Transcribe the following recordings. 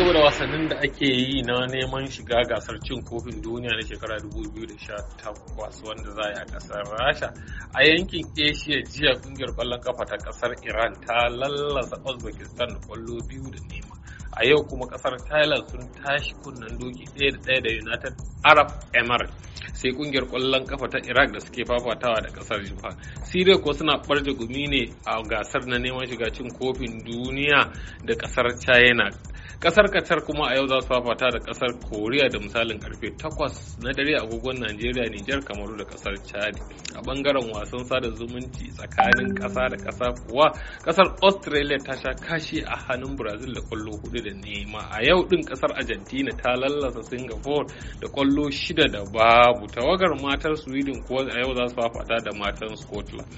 gaba da wasannin da ake yi na neman shiga gasar cin kofin duniya na shekara 2018 wanda za a yi a kasar rasha a yankin asia jiya kungiyar kwallon kafa ta kasar iran ta lallasa uzbekistan kwallo biyu da nema a yau kuma kasar thailand sun tashi kunnen doki ɗaya da ɗaya da united arab emirates sai kungiyar kwallon kafa ta iraq da suke fafatawa da kasar japan siriya ko suna barje gumi ne a gasar na neman shiga cin kofin duniya da kasar china kasar kacar kuma a yau za su fafata da kasar koriya da misalin karfe 8 na dare agogon najeriya nijar kamaru da kasar chad a bangaren wasan sada zumunci tsakanin kasa da kasa kuwa kasar australia ta sha kashi a hannun brazil da kwallo hudu da nema a yau din kasar argentina ta lallasa singapore da kwallo shida da babu tawagar matar sweden kuwa a yau za su fafata da matan scotland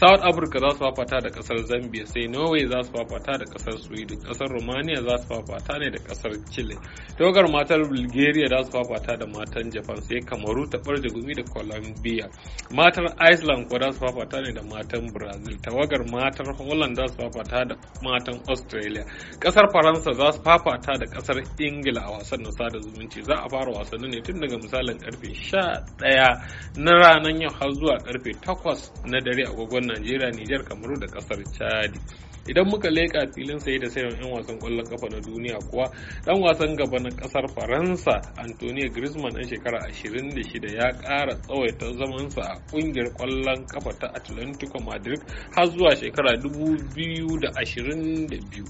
south africa za su fafata da kasar zambia sai norway za su fafata da kasar sweden kasar romania za su fafata mata ne da kasar chile tawagar matar bulgaria za su fafata da matan japan sai kamaru ta da gumi da colombia matar iceland kuwa za su fafata ne da matan brazil tawagar matar holland za su fafata da matan australia kasar faransa za su fafata da kasar ingila a wasan na sada zumunci za a fara wasannin ne tun daga misalin karfe 11 na ranar yau har zuwa karfe 8 na dare agogon najeriya nijar kamaru da kasar chadi idan muka leƙa filin saye da sayan 'yan wasan ƙwallon kafa na duniya kuwa dan wasan gaba na ƙasar faransa antonio griezmann ɗan shekara 26 ya ƙara tsawaita sa a ƙungiyar ƙwallon kafa ta atlantico madrid har zuwa shekara 2022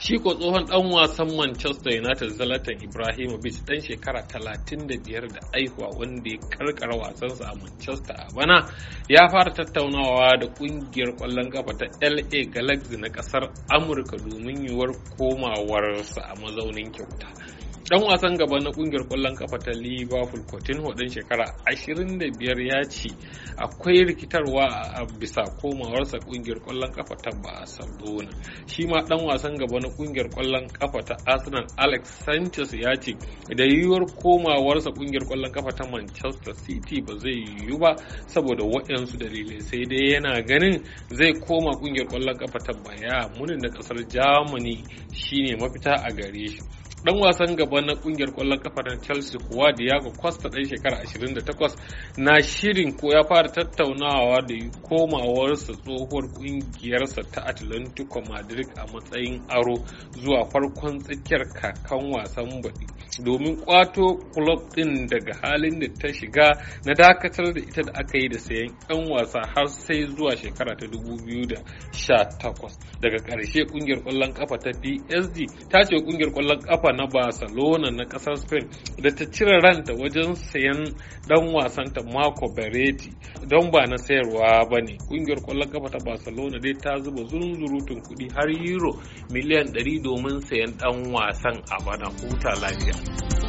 Shi ko tsohon dan wasan Manchester United Zlatan Ibrahimovic dan shekara 35 da aihuwa wanda ya karkara wasansa a Manchester a bana ya fara tattaunawa da kungiyar kwallon kafa ta LA Galaxy na kasar Amurka domin yiwuwar komawarsa a mazaunin kyauta. dan wasan gaba na kungiyar kwallon kafa ta liverpool coutinho dan shekara 25 ya ce akwai rikitarwa a bisa komawarsa kungiyar kwallon kafa ta barcelona shi ma dan wasan gaba na kungiyar kwallon kafa ta arsenal alex sanchez ya ce da yiwuwar komawarsa kungiyar kwallon kafa ta manchester city ba zai yiwu ba saboda waɗansu dalilai sai dai yana ganin zai koma kungiyar kwallon kafa ta baya munin da kasar germany shine mafita a gare shi dan wasan gaba na kungiyar kwallon kafa na chelsea kuwa diego costa dan shekara 28 na shirin ko ya fara tattaunawa da komawarsa tsohuwar kungiyarsa ta atlantico madrid a matsayin aro zuwa farkon tsakiyar kakan wasan baɗi domin kwato club din daga halin da ta shiga na dakatar da ita da aka yi da sayan 'yan wasa har sai zuwa shekara ta 2018 daga ƙarshe kungiyar kwallon kafa ta psg ta ce kungiyar kwallon kafa kafa na barcelona na kasar spain da ta cire ranta wajen sayan dan wasanta marco beretti don ba na sayarwa ba ne kungiyar kwallon kafa ta barcelona dai ta zuba zunzurutun kudi har euro miliyan 100 domin sayan dan wasan a bana huta lafiya